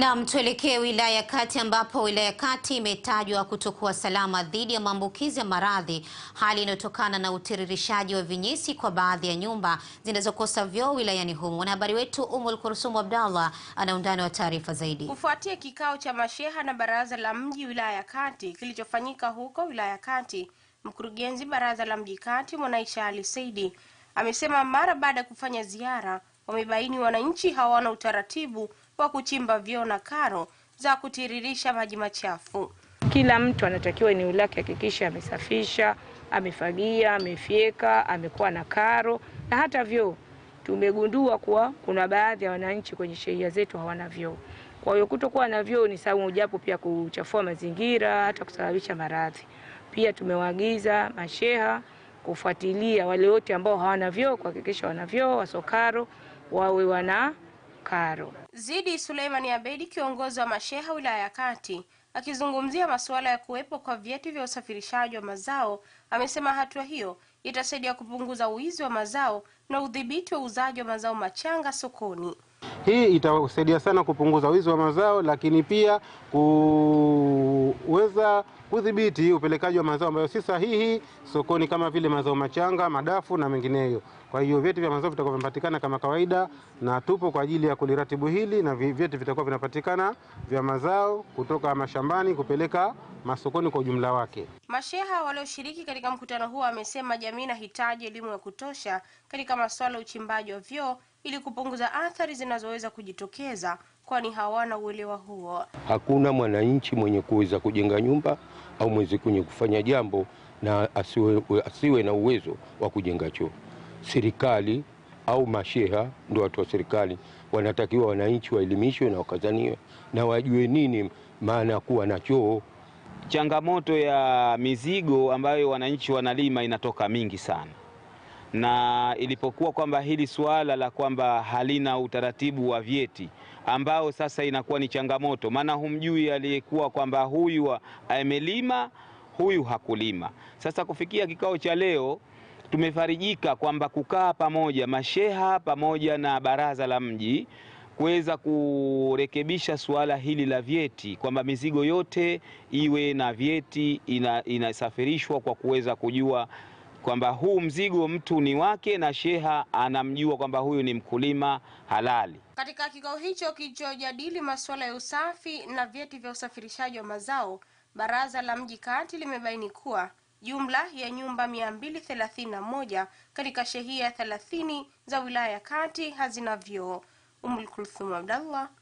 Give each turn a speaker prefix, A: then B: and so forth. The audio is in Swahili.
A: Naam, tuelekee wilaya Kati ambapo wilaya Kati imetajwa kutokuwa salama dhidi ya maambukizi ya maradhi, hali inayotokana na utiririshaji wa vinyesi kwa baadhi ya nyumba zinazokosa vyoo wilayani humo. Mwanahabari wetu Umul Kursumu Abdallah ana undani wa taarifa zaidi.
B: Kufuatia kikao cha masheha na baraza la mji wilaya Kati kilichofanyika huko wilaya Kati, mkurugenzi baraza la mji Kati Mwanaisha Ali Saidi amesema mara baada ya kufanya ziara wamebaini wananchi hawana utaratibu wa kuchimba vyoo na karo za kutiririsha maji machafu.
C: Kila mtu anatakiwa eneo lake hakikisha amesafisha, amefagia, amefyeka, amekuwa na karo na hata vyoo. Tumegundua kuwa kuna baadhi ya wananchi kwenye shehia zetu hawana vyoo. Kwa hiyo kutokuwa na vyoo ni sababu mojawapo pia kuchafua mazingira, hata kusababisha maradhi. Pia tumewaagiza masheha kufuatilia wale wote ambao hawana vyoo, kuhakikisha wana vyoo, wasokaro wawe wana karo.
A: Zidi Suleimani Abedi, kiongozi wa masheha wilaya ya Kati, akizungumzia masuala ya kuwepo kwa vyeti vya usafirishaji wa mazao, amesema hatua hiyo itasaidia kupunguza wizi wa mazao na udhibiti wa uuzaji wa mazao machanga sokoni.
D: Hii itasaidia sana kupunguza wizi wa mazao, lakini pia kuweza kudhibiti upelekaji wa mazao ambayo si sahihi sokoni kama vile mazao machanga, madafu na mengineyo. Kwa hiyo vyeti vya mazao vitakuwa vinapatikana kama kawaida, na tupo kwa ajili ya kuliratibu hili, na vyeti vitakuwa vinapatikana vya mazao kutoka mashambani kupeleka masokoni kwa ujumla wake.
A: Masheha walioshiriki katika mkutano huo wamesema jamii inahitaji elimu ya kutosha katika masuala ya uchimbaji wa vyoo ili kupunguza athari zinazo zinazoweza kujitokeza kwani hawana uelewa huo.
E: Hakuna mwananchi mwenye kuweza kujenga nyumba au mwezi kwenye kufanya jambo na asiwe, asiwe na uwezo wa kujenga choo. Serikali au masheha ndio watu wa serikali, wanatakiwa wananchi waelimishwe na wakazaniwe na wajue nini maana ya kuwa na choo.
F: Changamoto ya mizigo ambayo wananchi wanalima inatoka mingi sana na ilipokuwa kwamba hili suala la kwamba halina utaratibu wa vyeti ambao sasa inakuwa ni changamoto, maana humjui aliyekuwa kwamba huyu amelima huyu hakulima. Sasa kufikia kikao cha leo tumefarijika kwamba kukaa pamoja masheha pamoja na baraza la mji kuweza kurekebisha suala hili la vyeti kwamba mizigo yote iwe na vyeti, inasafirishwa ina kwa kuweza kujua kwamba huu mzigo mtu ni wake na sheha anamjua kwamba huyu ni mkulima halali.
A: Katika kikao hicho kilichojadili masuala ya usafi na vyeti vya usafirishaji wa mazao, baraza la mji kati limebaini kuwa jumla ya nyumba 231 katika shehia 30 za wilaya ya Kati hazina vyoo. Umul Abdallah,